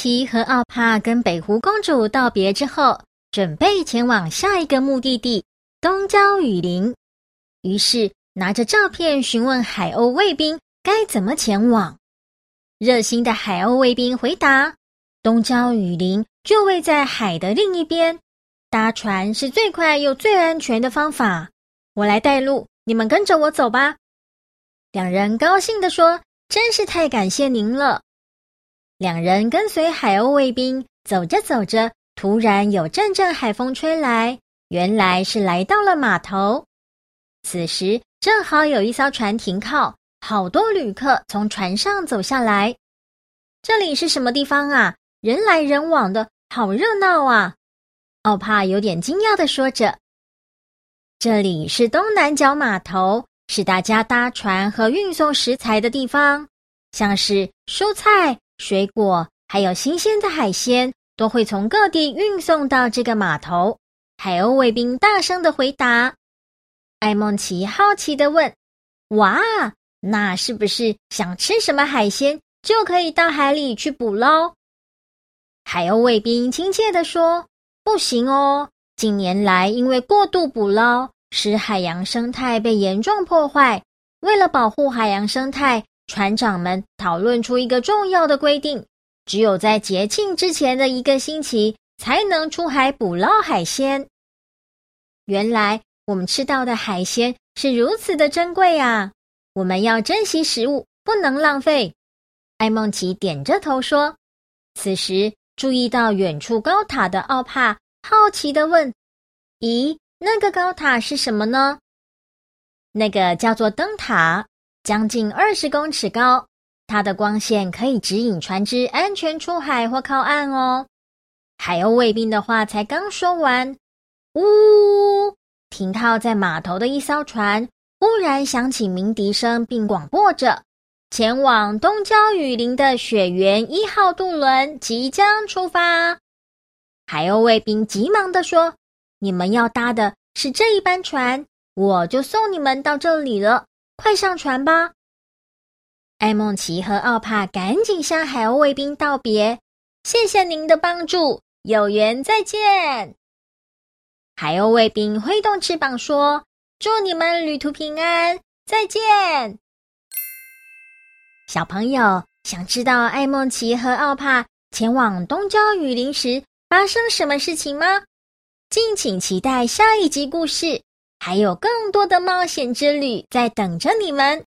孟奇和奧帕跟北湖公主道別之後，準備前往下一個目的地東郊雨林，於是拿着照片詢問海鷗衛兵該怎麼前往。熱心的海鷗衛兵回答：“東郊雨林就位在海的另一邊，搭船是最快又最安全的方法。我來帶路，你們跟着我走吧。”兩人高興地說：“真是太感謝您了。”兩人跟隨海鷗衛兵走着走着，突然有陣陣海風吹來，原來是來到了碼頭。此時正好有一艘船停靠，好多旅客從船上走下來。這裡是什麼地方啊？人來人往的，好熱鬧啊！奧帕有點驚訝的說着：“這裡是東南角碼頭，是大家搭船和運送食材的地方。”像是蔬菜、水果，還有新鮮的海鮮，都會從各地運送到這個碼頭。海鷗衛兵大聲的回答。愛孟奇好奇的問，哇，那是不是想吃什麼海鮮就可以到海裡去捕撈？海鷗衛兵親切的說：“不行哦，近年來因為過度捕撈，使海洋生態被嚴重破壞，為了保護海洋生態。”船長們討論出一個重要的規定：只有在節慶之前的一個星期才能出海捕撈海鮮。原來我們吃到的海鮮是如此的珍貴啊，我們要珍惜食物，不能浪費。愛孟奇點着頭說。此時注意到遠處高塔的奧帕好奇地問：“咦，那個高塔是什麼呢？”“那個叫做燈塔。”將近二十公尺高，它的光線可以指引船隻安全出海或靠岸哦。海鷗衛兵的話才剛說完，嗚！嗚！停靠在碼頭的一艘船忽然響起鳴笛聲，並廣播着：“前往東郊雨林的雪原一號渡輪即將出發。”海鷗衛兵急忙地說：“你們要搭的是這一班船，我就送你們到這裡了。”快上船吧！愛孟奇和奧帕趕緊向海鷗衛兵道別，謝謝您的幫助，有緣再見。海鷗衛兵揮動翅膀說：“祝你們旅途平安，再見。”小朋友，想知道愛孟奇和奧帕前往東郊雨林時發生什麼事情嗎？敬請期待下一集故事。還有更多的冒險之旅在等着你們。